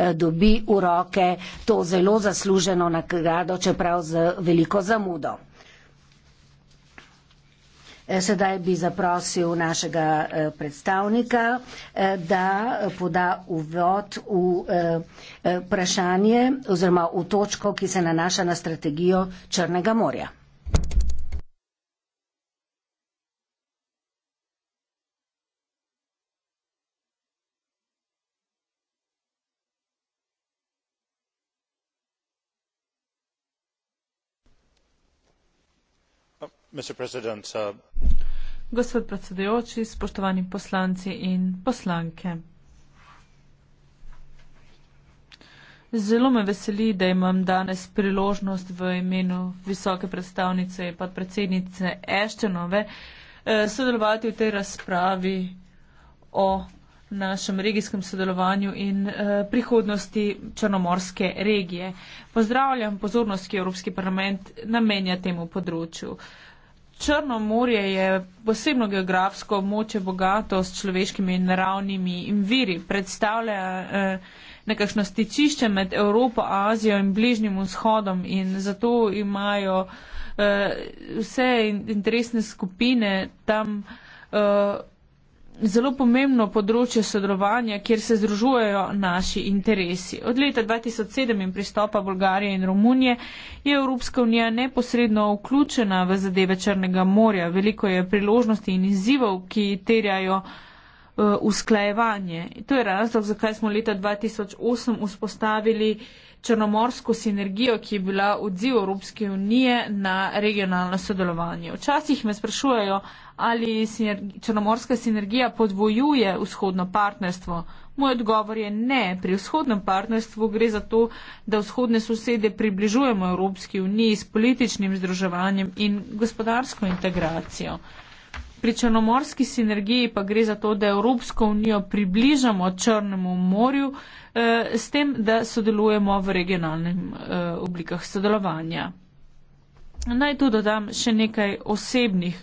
Eh, dobi v roke to zelo zasluženo nagrado, čeprav z veliko zamudo. Eh, sedaj bi zaprosil našega eh, predstavnika, da poda uvod v vprašanje oziroma v točko, ki se nanaša na strategijo Črnega morja. Uh, gospod predsedujoči, spoštovani poslanci in poslanke. Zelo me veseli, da imam danes priložnost v imenu visoke predstavnice in podpredsednice Eštenove eh, sodelovati v tej razpravi o našem regijskem sodelovanju in eh, prihodnosti Črnomorske regije. Pozdravljam pozornost, ki Evropski parlament namenja temu področju. Črno morje je posebno geografsko območje bogato s človeškimi naravnimi in viri. Predstavlja eh, nekakšno stičišče med Evropo, Azijo in Bližnjim vzhodom in zato imajo eh, vse interesne skupine tam. Eh, zelo pomembno področje sodelovanja, kjer se združujejo naši interesi. Od leta 2007 in pristopa Bolgarije in Romunije je Evropska unija neposredno vključena v zadeve Črnega morja. Veliko je priložnosti in izzivov, ki terjajo uh, usklajevanje. To je razlog, zakaj smo leta 2008 vzpostavili uh, črnomorsko sinergijo, ki je bila odziv Evropske unije na regionalno sodelovanje. Včasih me sprašujejo, ali sinerg črnomorska sinergija podvojuje vzhodno partnerstvo. Moj odgovor je ne. Pri vzhodnem partnerstvu gre za to, da vzhodne sosede približujemo Evropski uniji s političnim združevanjem in gospodarsko integracijo. Pri črnomorski sinergiji pa gre za to, da Evropsko unijo približamo Črnemu morju eh, s tem, da sodelujemo v regionalnem eh, oblikah sodelovanja. Naj tu dodam še nekaj osebnih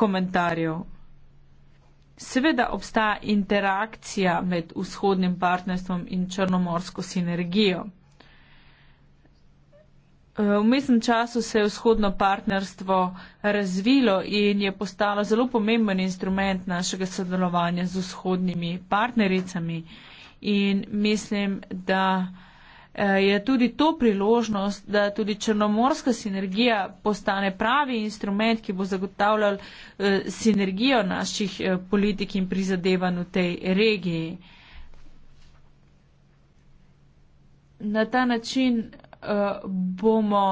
komentarjev. Seveda obstaja interakcija med vzhodnim partnerstvom in črnomorsko sinergijo. Eh, v mestnem času se je vzhodno partnerstvo razvilo in je postalo zelo pomemben instrument našega sodelovanja z vzhodnimi partnericami. In mislim, da eh, je tudi to priložnost, da tudi črnomorska sinergija postane pravi instrument, ki bo zagotavljal eh, sinergijo naših politik in prizadevanj v tej regiji. Na ta način Eh, bomo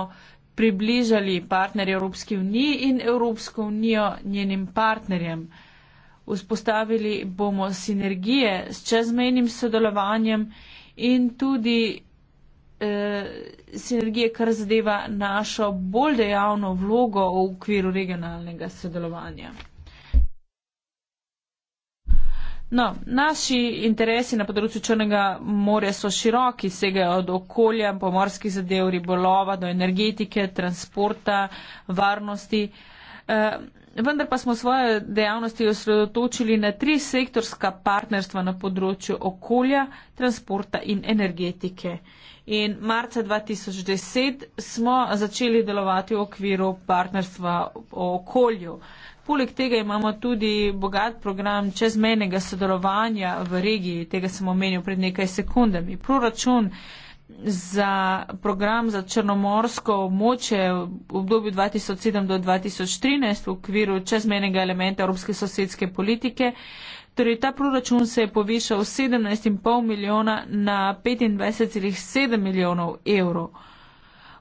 približali partner Evropski uniji in Evropsko unijo njenim partnerjem. Vzpostavili bomo sinergije s čezmejnim sodelovanjem in tudi eh, sinergije, kar zadeva našo bolj dejavno vlogo v okviru regionalnega sodelovanja. No, naši interesi na področju Črnega morja so široki, segajo od okolja, pomorskih zadev, ribolova do energetike, transporta, varnosti. E, vendar pa smo svoje dejavnosti osredotočili na tri sektorska partnerstva na področju okolja, transporta in energetike. In marca 2010 smo začeli delovati v okviru partnerstva o okolju. Poleg tega imamo tudi bogat program čezmenega sodelovanja v regiji, tega sem omenil pred nekaj sekundami. Proračun za program za črnomorsko območje v obdobju 2007 do 2013 v okviru čezmenega elementa Evropske sosedske politike. Torej, ta proračun se je povišal 17,5 milijona na 25,7 milijonov evrov.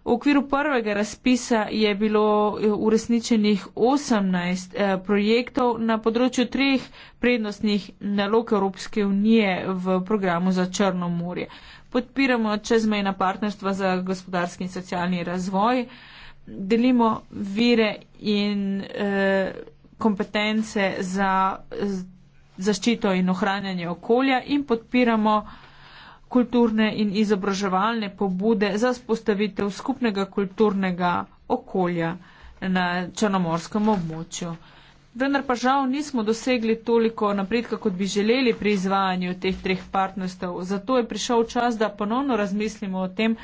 V okviru prvega razpisa je bilo eh, uresničenih 18 eh, projektov na področju treh prednostnih nalog Evropske unije v programu za Črno morje. Podpiramo čezmejna partnerstva za gospodarski in socialni razvoj, delimo vire in eh, kompetence za zaščito in ohranjanje okolja in podpiramo kulturne in izobraževalne pobude za spostavitev skupnega kulturnega okolja na črnomorskem območju. Vendar pa žal nismo dosegli toliko napredka, kot bi želeli pri izvajanju teh treh partnerstev. Zato je prišel čas, da ponovno razmislimo o tem,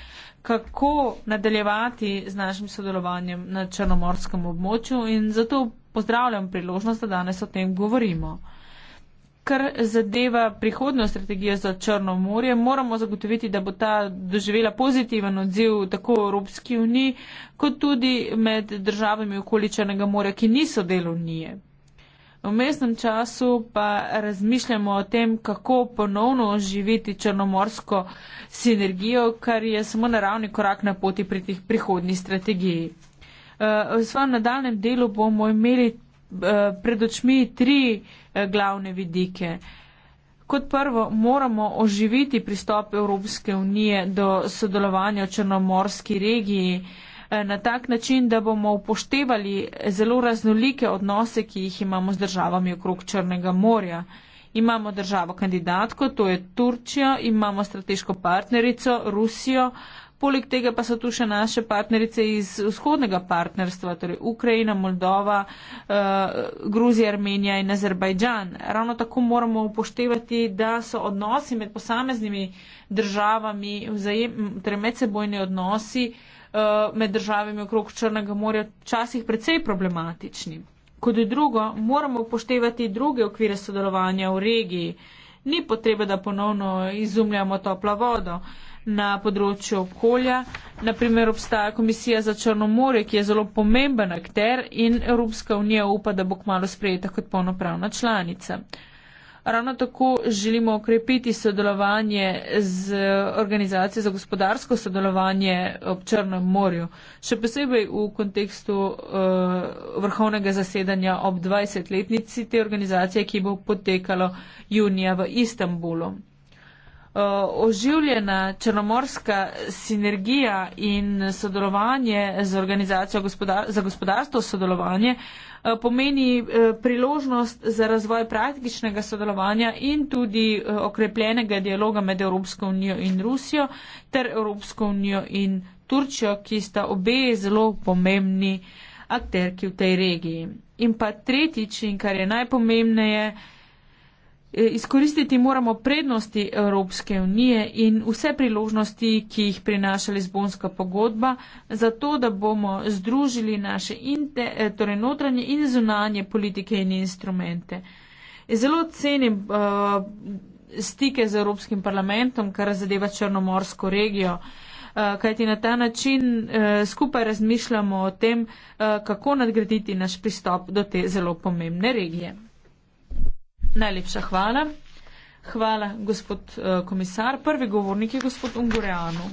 kako nadaljevati z našim sodelovanjem na črnomorskem območju in zato pozdravljam priložnost, da danes o tem govorimo. Kar zadeva prihodno strategijo za Črno morje, moramo zagotoviti, da bo ta doživela pozitiven odziv tako v Evropski uniji, kot tudi med državami okoli Črnega morja, ki niso del unije. V mestnem času pa razmišljamo o tem, kako ponovno oživiti črnomorsko sinergijo, kar je samo naravni korak na poti pri tih prihodnjih strategiji. Eh, v svojem nadaljem delu bomo imeli Eh, pred očmi tri eh, glavne vidike. Kot prvo, moramo oživiti pristop Evropske unije do sodelovanja v Črnomorski regiji eh, na tak način, da bomo upoštevali zelo raznolike odnose, ki jih imamo z državami okrog Črnega morja. Imamo državo kandidatko, to je Turčijo, imamo strateško partnerico Rusijo, Poleg tega pa so tu še naše partnerice iz vzhodnega partnerstva, torej Ukrajina, Moldova, eh, Gruzija, Armenija in Azerbajdžan. Ravno tako moramo upoštevati, da so odnosi med posameznimi državami, torej medsebojni odnosi eh, med državami okrog Črnega morja včasih precej problematični. Kot drugo, moramo upoštevati druge okvire sodelovanja v regiji ni potrebe, da ponovno izumljamo toplo vodo. Na področju okolja, naprimer, obstaja komisija za Črno more, ki je zelo pomemben akter in Evropska unija upa, da bo kmalo sprejeta kot polnopravna članica. Ravno tako želimo okrepiti sodelovanje z organizacijo za gospodarsko sodelovanje ob Črnem morju, še posebej v kontekstu uh, vrhovnega zasedanja ob 20-letnici te organizacije, ki bo potekalo junija v Istanbulu uh, oživljena črnomorska sinergija in sodelovanje z organizacijo gospoda za gospodarstvo sodelovanje uh, pomeni uh, priložnost za razvoj praktičnega sodelovanja in tudi uh, okrepljenega dialoga med Evropsko unijo in Rusijo ter Evropsko unijo in Turčijo, ki sta obe zelo pomembni akterki v tej regiji. In pa tretjič, in kar je najpomembnejše, E, izkoristiti moramo prednosti Evropske unije in vse priložnosti, ki jih prinaša Lizbonska pogodba, zato da bomo združili naše inter, e, torej notranje in zunanje politike in instrumente. E, zelo cenim uh, stike z Evropskim parlamentom, kar zadeva Črnomorsko regijo, uh, kajti na ta način uh, skupaj razmišljamo o tem, uh, kako nadgraditi naš pristop do te zelo pomembne regije. Najlepša hvala. Hvala, gospod uh, komisar. Prvi govornik je gospod Ungureanu.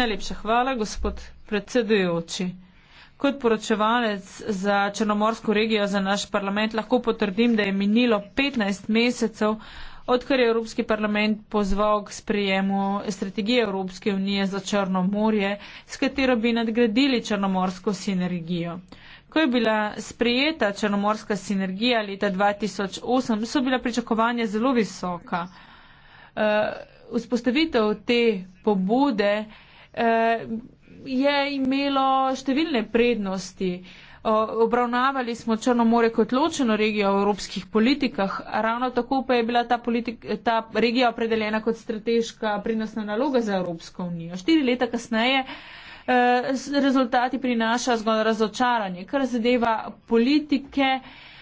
Najlepša hvala, gospod predsedujoči. Kot poročevalec za Črnomorsko regijo za naš parlament lahko potrdim, da je minilo 15 mesecev, odkar je Evropski parlament pozval k sprijemu strategije Evropske unije za Črno morje, s katero bi nadgradili Črnomorsko sinergijo. Ko je bila sprejeta Črnomorska sinergija leta 2008, so bila pričakovanja zelo visoka. Eh, vzpostavitev te pobude eh, je imelo številne prednosti. Obravnavali smo Črnomore kot ločeno regijo v evropskih politikah, ravno tako pa je bila ta, politik, ta regija opredeljena kot strateška prinosna naloga za Evropsko unijo. Štiri leta kasneje uh, eh, rezultati prinaša zgolj razočaranje. Kar zadeva politike,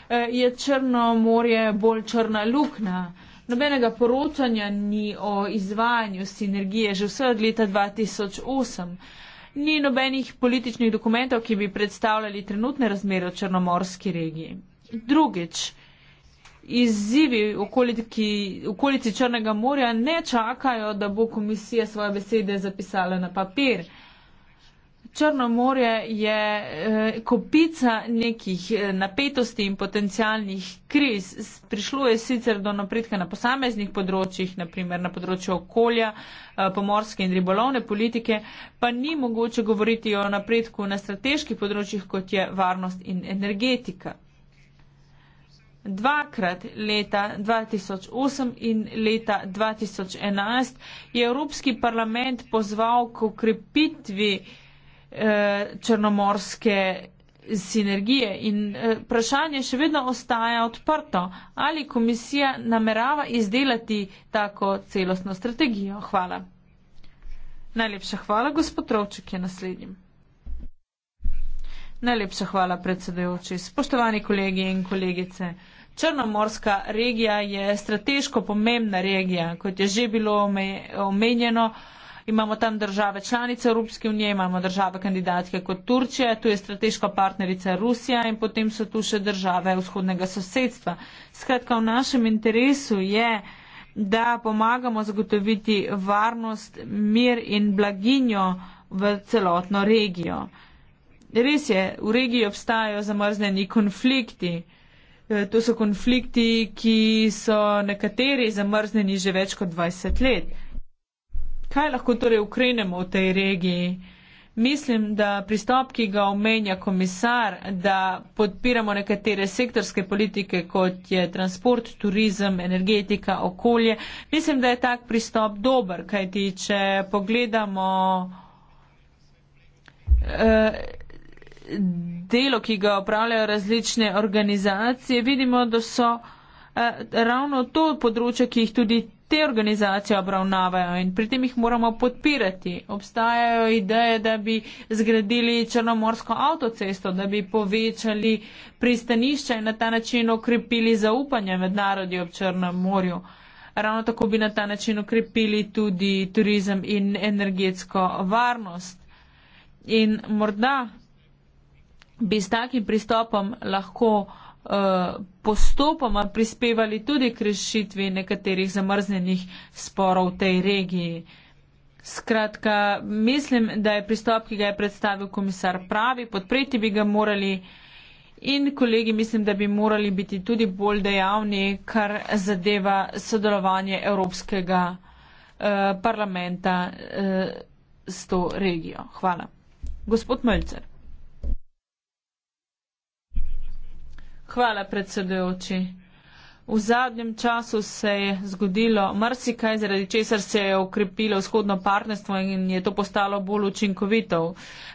eh, je Črno morje bolj črna luknja. Nobenega poročanja ni o izvajanju sinergije že vse od leta 2008. Ni nobenih političnih dokumentov, ki bi predstavljali trenutne razmere v Črnomorski regiji. Drugič, izzivi v okolici Črnega morja ne čakajo, da bo komisija svoje besede zapisala na papir. Črno morje je eh, kopica nekih eh, napetosti in potencijalnih kriz. Prišlo je sicer do napredka na posameznih področjih, naprimer na področju okolja, eh, pomorske in ribolovne politike, pa ni mogoče govoriti o napredku na strateških področjih, kot je varnost in energetika. Dvakrat leta 2008 in leta 2011 je Evropski parlament pozval k okrepitvi eh, črnomorske sinergije. In eh, vprašanje še vedno ostaja odprto, ali komisija namerava izdelati tako celostno strategijo. Hvala. Najlepša hvala, gospod Rovček je naslednji. Najlepša hvala, predsedujoči. Spoštovani kolegi in kolegice. Črnomorska regija je strateško pomembna regija, kot je že bilo omenjeno. Ome imamo tam države članice Evropske unije, imamo države kandidatke kot Turčija, tu je strateška partnerica Rusija in potem so tu še države vzhodnega sosedstva. Skratka, v našem interesu je, da pomagamo zagotoviti varnost, mir in blaginjo v celotno regijo. Res je, v regiji obstajajo zamrzneni konflikti. E, to so konflikti, ki so nekateri zamrzneni že več kot 20 let. Kaj lahko torej ukrenemo v tej regiji? Mislim, da pristop, ki ga omenja komisar, da podpiramo nekatere sektorske politike, kot je transport, turizem, energetika, okolje, mislim, da je tak pristop dober, kajti če pogledamo eh, delo, ki ga upravljajo različne organizacije, vidimo, da so eh, ravno to področje, ki jih tudi te organizacije obravnavajo in pri tem jih moramo podpirati. Obstajajo ideje, da bi zgradili črnomorsko avtocesto, da bi povečali pristanišče in na ta način okrepili zaupanje med narodi ob Črnem morju. Ravno tako bi na ta način okrepili tudi turizem in energetsko varnost. In morda bi s takim pristopom lahko Eh, postopoma prispevali tudi k rešitvi nekaterih zamrznenih sporov v tej regiji. Skratka, mislim, da je pristop, ki ga je predstavil komisar pravi, podpreti bi ga morali in kolegi mislim, da bi morali biti tudi bolj dejavni, kar zadeva sodelovanje Evropskega eh, parlamenta eh, s to regijo. Hvala. Gospod Mölcer. Hvala, predsedujoči. V zadnjem času se je zgodilo marsikaj, zaradi česar se je ukrepilo vzhodno partnerstvo in je to postalo bolj učinkovito.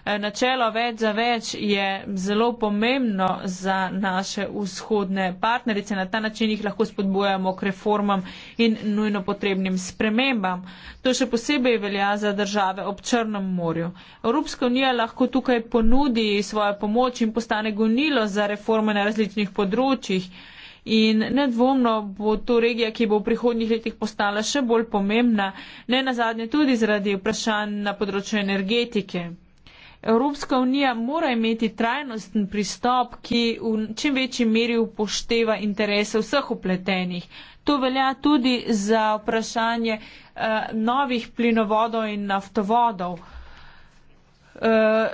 E, načelo več za več je zelo pomembno za naše vzhodne partnerice. Na ta način jih lahko spodbujamo k reformam in nujno potrebnim spremembam. To še posebej velja za države ob Črnem morju. Evropska unija lahko tukaj ponudi svojo pomoč in postane gonilo za reforme na različnih področjih in nedvomno bo to regija, ki bo v prihodnjih letih postala še bolj pomembna, ne nazadnje tudi zaradi vprašanj na področju energetike. Evropska unija mora imeti trajnosten pristop, ki v čim večji meri upošteva interese vseh upletenih. To velja tudi za vprašanje eh, novih plinovodov in naftovodov. Eh,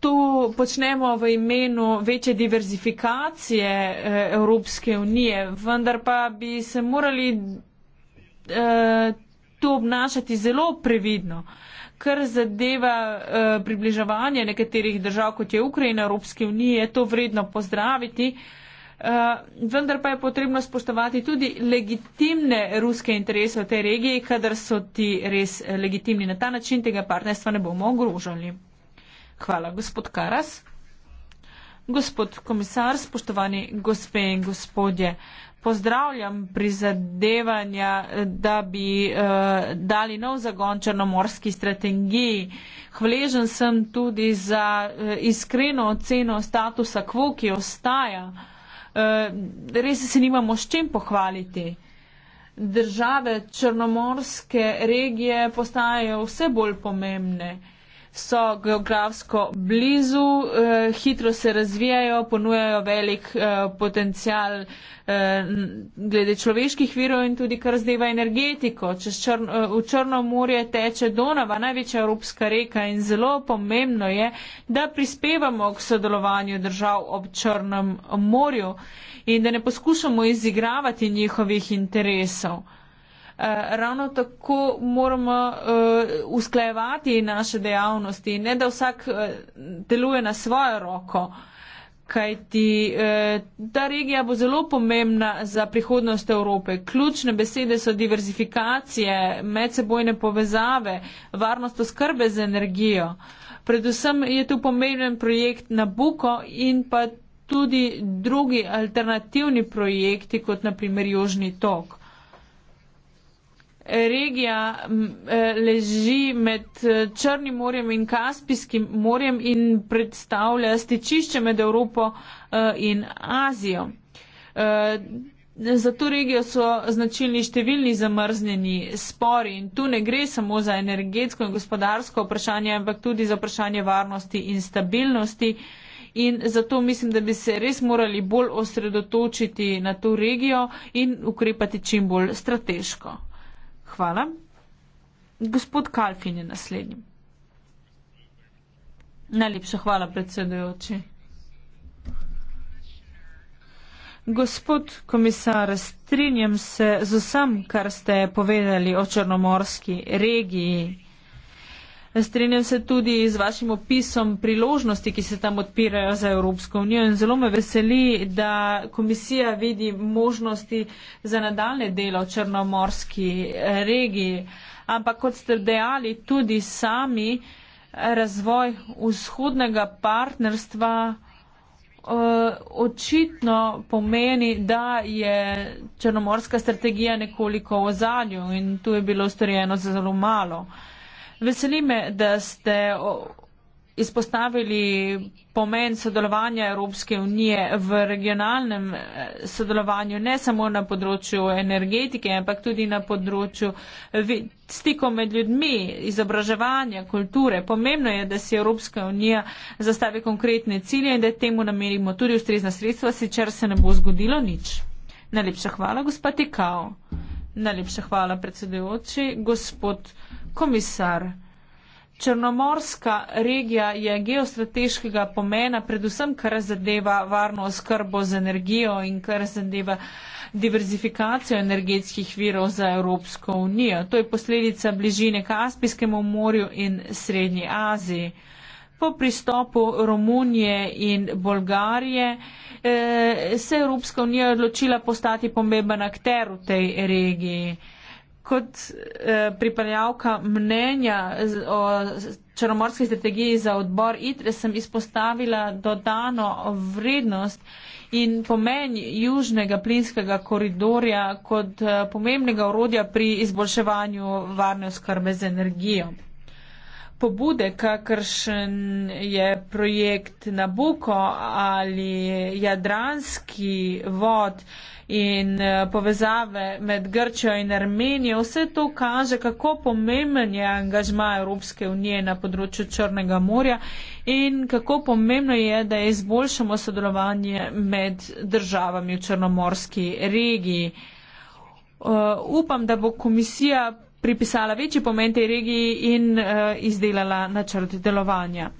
to počnemo v imenu večje diverzifikacije eh, Evropske unije, vendar pa bi se morali eh, to obnašati zelo previdno. Kar zadeva eh, približevanje nekaterih držav, kot je Ukrajina, Evropske unije, je to vredno pozdraviti. Uh, vendar pa je potrebno spoštovati tudi legitimne ruske interese v tej regiji, kadar so ti res legitimni. Na ta način tega partnerstva ne bomo ogrožali. Hvala, gospod Karas. Gospod komisar, spoštovani gospe in gospodje, pozdravljam prizadevanja, da bi eh, dali nov zagon črnomorski strategiji. Hvaležen sem tudi za eh, iskreno oceno statusa kvo, ki ostaja. Eh, res se nimamo s čim pohvaliti. Države črnomorske regije postajajo vse bolj pomembne. Eh, so geografsko blizu, eh, hitro se razvijajo, ponujajo velik eh, potencial eh, glede človeških virov in tudi kar zdeva energetiko. Čr v Črno morje teče Donava, največja evropska reka in zelo pomembno je, da prispevamo k sodelovanju držav ob Črnem morju in da ne poskušamo izigravati njihovih interesov. Eh, ravno tako moramo uh, usklajevati naše dejavnosti, ne da vsak eh, deluje na svojo roko. Kaj ti ta regija bo zelo pomembna za prihodnost Evrope. Ključne besede so diverzifikacije, medsebojne povezave, varnost oskrbe z energijo. Predvsem je tu pomemben projekt Nabuko in pa tudi drugi alternativni projekti, kot naprimer Južni tok regija eh, leži med eh, Črnim morjem in Kaspijskim morjem in predstavlja stičišče med Evropo eh, in Azijo. Za to regijo so značilni številni zamrznjeni spori in tu ne gre samo za energetsko in gospodarsko vprašanje, ampak tudi za vprašanje varnosti in stabilnosti. In zato mislim, da bi se res morali bolj osredotočiti na to regijo in ukrepati čim bolj strateško hvala. Gospod Kalfin je naslednji. Najlepša hvala, predsedujoči. Gospod komisar, strinjam se z vsem, kar ste povedali o črnomorski regiji. Strenjam se tudi z vašim opisom priložnosti, ki se tam odpirajo za Evropsko unijo in zelo me veseli, da komisija vidi možnosti za nadaljne delo v črnomorski eh, regiji. Ampak kot ste dejali, tudi sami eh, razvoj vzhodnega partnerstva eh, očitno pomeni, da je črnomorska strategija nekoliko v zadju in tu je bilo storjeno zelo malo. Veseli me, da ste izpostavili pomen sodelovanja Evropske unije v regionalnem eh, sodelovanju, ne samo na področju energetike, ampak tudi na področju stikov med ljudmi, izobraževanja, kulture. Pomembno je, da si Evropska unija zastavi konkretne cilje in da temu namerimo tudi ustrezna sredstva, sicer se ne bo zgodilo nič. Najlepša hvala, gospod Tikao. Najlepša hvala, predsedujoči. Gospod komisar, Črnomorska regija je geostrateškega pomena, predvsem kar zadeva varno oskrbo z energijo in kar zadeva diverzifikacijo energetskih virov za Evropsko unijo. To je posledica bližine Kaspijskemu morju in Srednji Aziji po pristopu Romunije in Bolgarije eh, se Evropska unija odločila postati pomemben akter v tej regiji. Kot eh, pripravljavka mnenja o črnomorski strategiji za odbor ITRE sem izpostavila dodano vrednost in pomen južnega plinskega koridorja kot eh, pomembnega urodja pri izboljševanju varne oskrbe z energijo pobude, kakršen je projekt Nabuko ali Jadranski vod in eh, povezave med Grčjo in Armenijo, vse to kaže, kako pomemben je angažma Evropske unije na področju Črnega morja in kako pomembno je, da izboljšamo sodelovanje med državami v Črnomorski regiji. Uh, upam, da bo komisija pripisala večji pomen tej regiji in uh, izdelala načrt delovanja.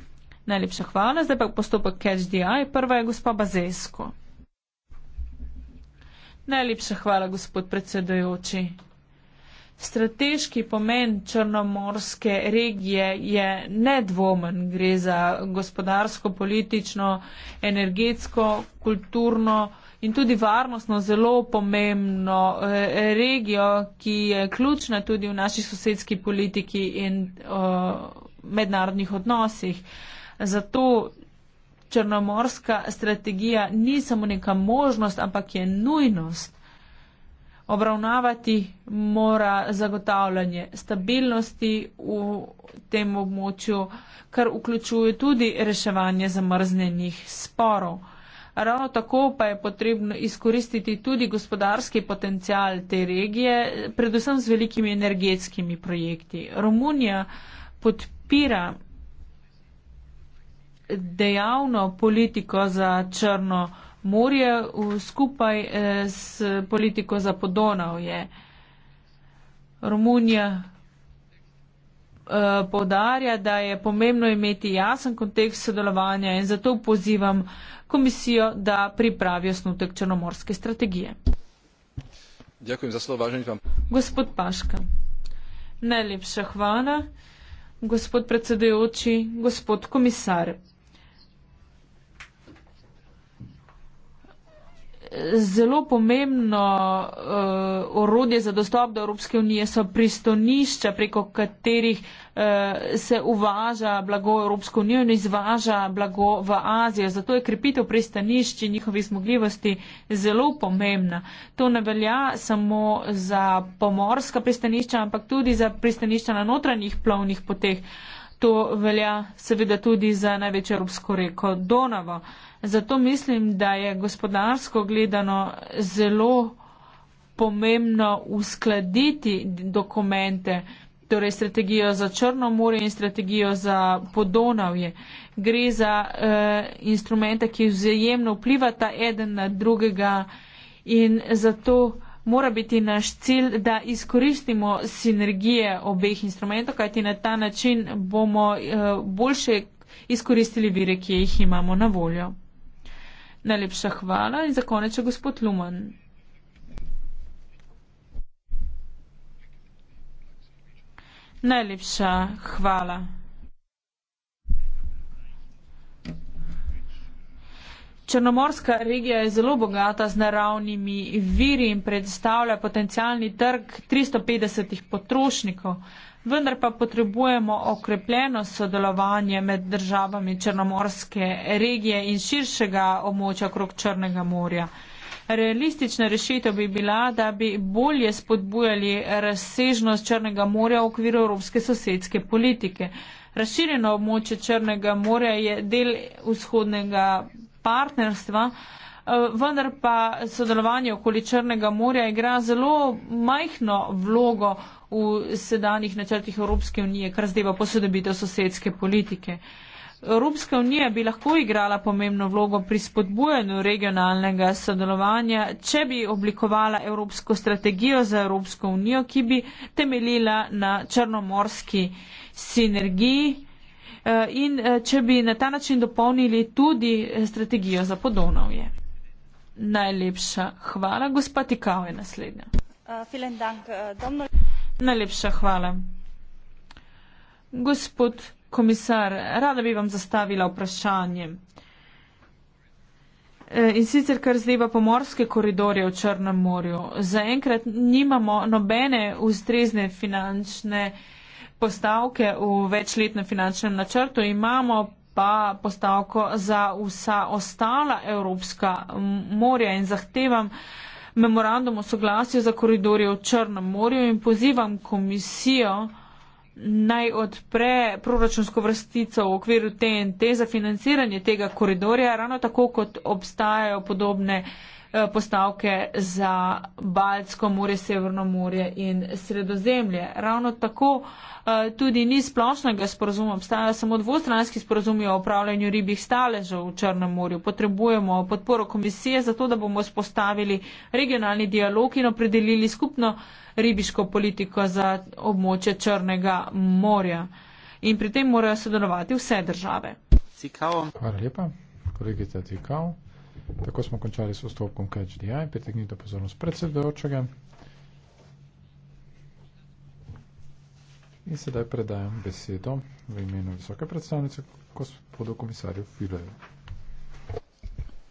Najlepša hvala. Zdaj pa postopek Catch the Eye. Prva je gospa Bazesko. Najlepša hvala, gospod predsedojoči. Strateški pomen Črnomorske regije je nedvomen. Gre za gospodarsko, politično, energetsko, kulturno, in tudi varnostno zelo pomembno eh, regijo, ki je ključna tudi v naši sosedski politiki in uh, mednarodnih odnosih. Zato črnomorska strategija ni samo neka možnost, ampak je nujnost. Obravnavati mora zagotavljanje stabilnosti v tem območju, kar vključuje tudi reševanje zamrznenih sporov. Ravno tako pa je potrebno izkoristiti tudi gospodarski potencial te regije, predvsem z velikimi energetskimi projekti. Romunija podpira dejavno politiko za Črno morje skupaj eh, s politiko za Podonavje. Romunija Eh, povdarja, da je pomembno imeti jasen kontekst sodelovanja in zato pozivam komisijo, da pripravi osnutek črnomorske strategije. Ďakujem za slovo, vážený pán. Gospod Paška, najlepša hvala. Gospod predsedujoči, gospod komisar, zelo pomembno uh, orodje za dostop do Evropske unije so pristonišča, preko katerih uh, se uvaža blago Evropsko unijo in izvaža blago v Azijo. Zato je krepitev pristanišč in njihovih zmogljivosti zelo pomembna. To ne velja samo za pomorska pristanišča, ampak tudi za pristanišča na notranjih plovnih poteh. Uh, To velja seveda tudi za največjo evropsko reko Donavo. Zato mislim, da je gospodarsko gledano zelo pomembno uskladiti dokumente, torej strategijo za Črno more in strategijo za Podonavje. Gre za eh, instrumente, ki vzajemno vplivata eden na drugega in zato mora biti naš cilj, da izkoristimo sinergije obeh instrumentov, kajti na ta način bomo eh, boljše izkoristili vire, ki jih imamo na voljo. Najlepša hvala in za konec je gospod Luman. Najlepša hvala. Črnomorska regija je zelo bogata z naravnimi viri in predstavlja potencijalni trg 350 potrošnikov, vendar pa potrebujemo okrepljeno sodelovanje med državami Črnomorske regije in širšega območja okrog Črnega morja. Realistična rešitev bi bila, da bi bolje spodbujali razsežnost Črnega morja v okviru evropske sosedske politike. Razširjeno območje Črnega morja je del vzhodnega partnerstva. Eh, vendar pa sodelovanje okoli Črnega morja igra zelo majhno vlogo v sedanjih načrtih Evropske unije, kar zdeva posodobitev sosedske politike. Evropska unija bi lahko igrala pomembno vlogo pri spodbujanju regionalnega sodelovanja, če bi oblikovala Evropsko strategijo za Evropsko unijo, ki bi temeljila na črnomorski sinergiji Eh, in eh, če bi na ta način dopolnili tudi eh, strategijo za podonavje. Najlepša hvala, gospa Tikao je naslednja. Najlepša hvala. Gospod komisar, rada bi vam zastavila vprašanje. In sicer, kar zdaj pa pomorske koridorje v Črnem morju. Zaenkrat nimamo nobene ustrezne finančne postavke v večletnem finančnem načrtu, imamo pa postavko za vsa ostala evropska morja in zahtevam memorandum o soglasju za koridorje v Črnem morju in pozivam komisijo naj odpre proračunsko vrstico v okviru TNT za financiranje tega koridorja, ravno tako kot obstajajo podobne Eh, postavke za Baltsko more, Severno more in Sredozemlje. Ravno tako eh, tudi ni splošnega sporozuma, obstaja samo dvostranski sporozum o upravljanju ribih staležev v Črnem morju. Potrebujemo podporo komisije za to, da bomo spostavili regionalni dialog in opredelili skupno ribiško politiko za območje Črnega morja. In pri tem morajo sodelovati vse države. Cikao. Hvala lepa, kolegica Cikao. Tako smo končali s postopkom KHDI. Pritegnite pozornost predsedujočega. In sedaj predajam besedo v imenu visoke predstavnice gospodu komisarju Fileju.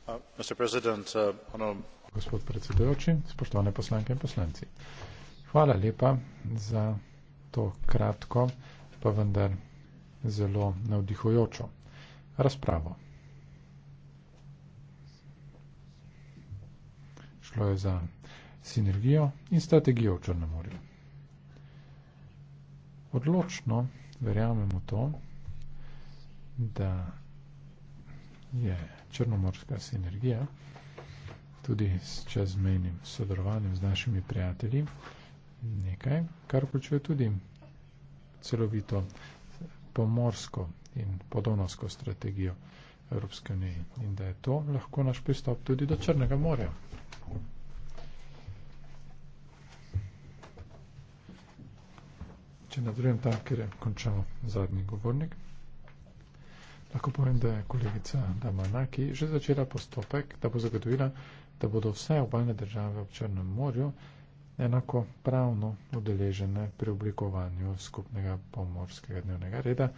Uh, uh, Gospod predsedujoči, spoštovane poslanke in poslanci. Hvala lepa za to kratko, pa vendar zelo navdihujočo razpravo. šlo je za sinergijo in strategijo v Črnem morju. Odločno verjamemo to, da je črnomorska sinergija tudi s čezmejnim sodelovanjem z našimi prijatelji nekaj, kar vključuje tudi celovito pomorsko in podonosko strategijo. Evropske unije in da je to lahko naš pristop tudi do Črnega morja. Če nadaljujem tam, kjer je končal zadnji govornik, lahko povem, da je kolegica Damanaki že začela postopek, da bo zagotovila, da bodo vse obaljne države ob Črnem morju enako pravno udeležene pri oblikovanju skupnega pomorskega dnevnega reda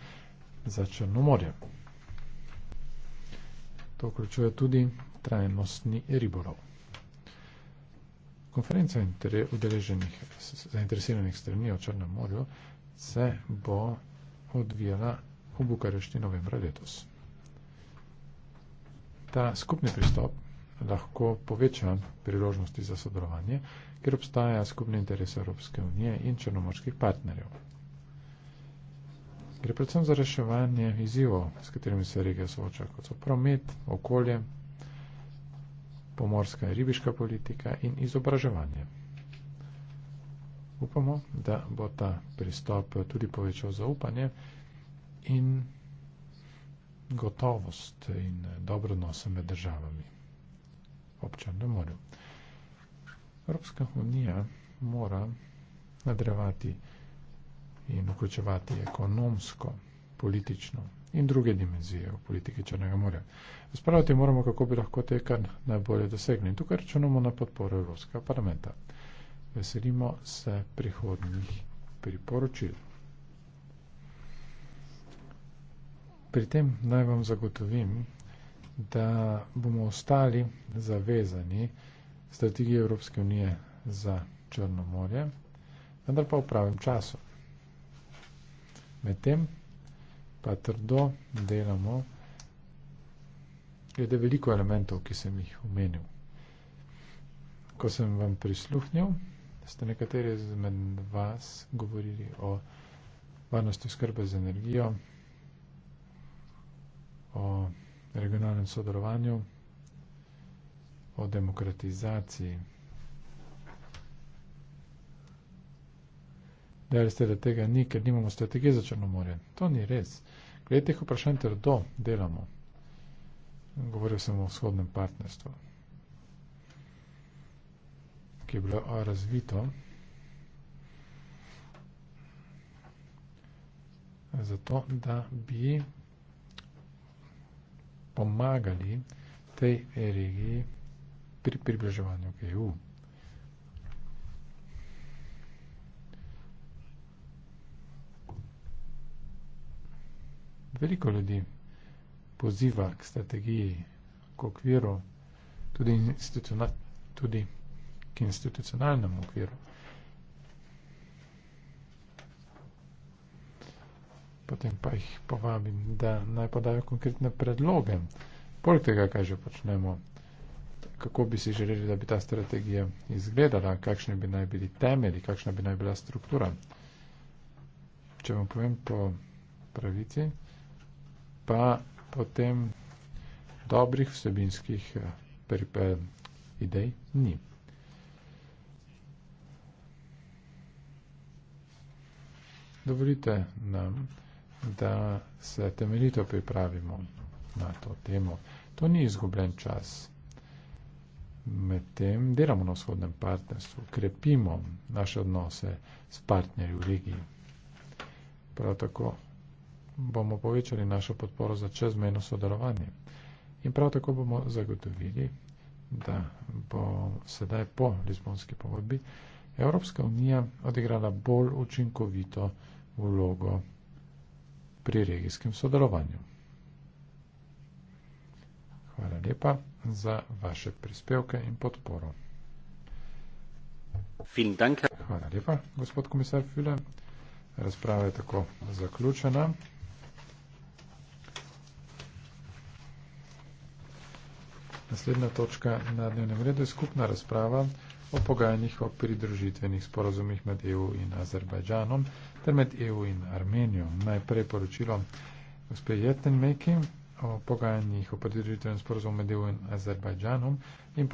za Črno morje. To vključuje tudi trajnostni ribolov. Konferenca udeleženih zainteresiranih strani o Črnem morju se bo odvijala v Bukarešti novembra letos. Ta skupni pristop lahko poveča priložnosti za sodelovanje, ker obstaja skupni interes Evropske unije in črnomorskih partnerjev. Gre predvsem za reševanje izzivov, s katerimi se regija sooča, kot so promet, okolje, pomorska in ribiška politika in izobraževanje. Upamo, da bo ta pristop tudi povečal zaupanje in gotovost in dobro odnose med državami ob Črnem morju. Evropska unija mora nadrevati in vključevati ekonomsko, politično in druge dimenzije v politiki Črnega morja. Spraviti moramo, kako bi lahko tekan najbolje dosegli. In tukaj računamo na podporo Evropskega parlamenta. Veselimo se prihodnjih priporočil. Pri tem naj vam zagotovim, da bomo ostali zavezani strategiji Evropske unije za Črno morje, vendar pa v pravem času medtem pa trdo delamo glede veliko elementov, ki sem jih omenil. Ko sem vam prisluhnil, ste nekateri izmed vas govorili o varnosti skrbe z energijo, o regionalnem sodelovanju, o demokratizaciji. Dejali ste, da tega ni, ker nimamo strategije za Črno more. To ni res. Glede teh vprašanj trdo delamo. Govoril sem o vzhodnem partnerstvu, ki je bilo razvito. Zato, da bi pomagali tej regiji pri približevanju k EU. veliko ljudi poziva k strategiji, k okviru, tudi, institucional, tudi k institucionalnemu okviru. Potem pa jih povabim, da naj podajo konkretne predloge, poleg tega, kaj že počnemo, kako bi si želeli, da bi ta strategija izgledala, kakšne bi naj bili temelji, kakšna bi naj bila struktura. Če vam povem po pravici, pa potem dobrih vsebinskih eh, eh, idej ni. Dovolite nam, da se temeljito pripravimo na to temo. To ni izgubljen čas. Medtem delamo na vzhodnem partnerstvu, krepimo naše odnose s partnerji v regiji. Prav tako bomo povečali našo podporo za čezmeno sodelovanje. In prav tako bomo zagotovili, da bo sedaj po Lizbonski pogodbi Evropska unija odigrala bolj učinkovito vlogo pri regijskem sodelovanju. Hvala lepa za vaše prispevke in podporo. Hvala lepa, gospod komisar Füle. Razprava je tako zaključena. Naslednja točka na dnevnem redu je skupna razprava o pogajanjih o pridružitvenih sporazumih med EU in Azerbajdžanom ter med EU in Armenijo. Najprej poročilo gospe Jetten Meki o pogajanjih o pridružitvenih sporazumih med EU in Azerbajdžanom. In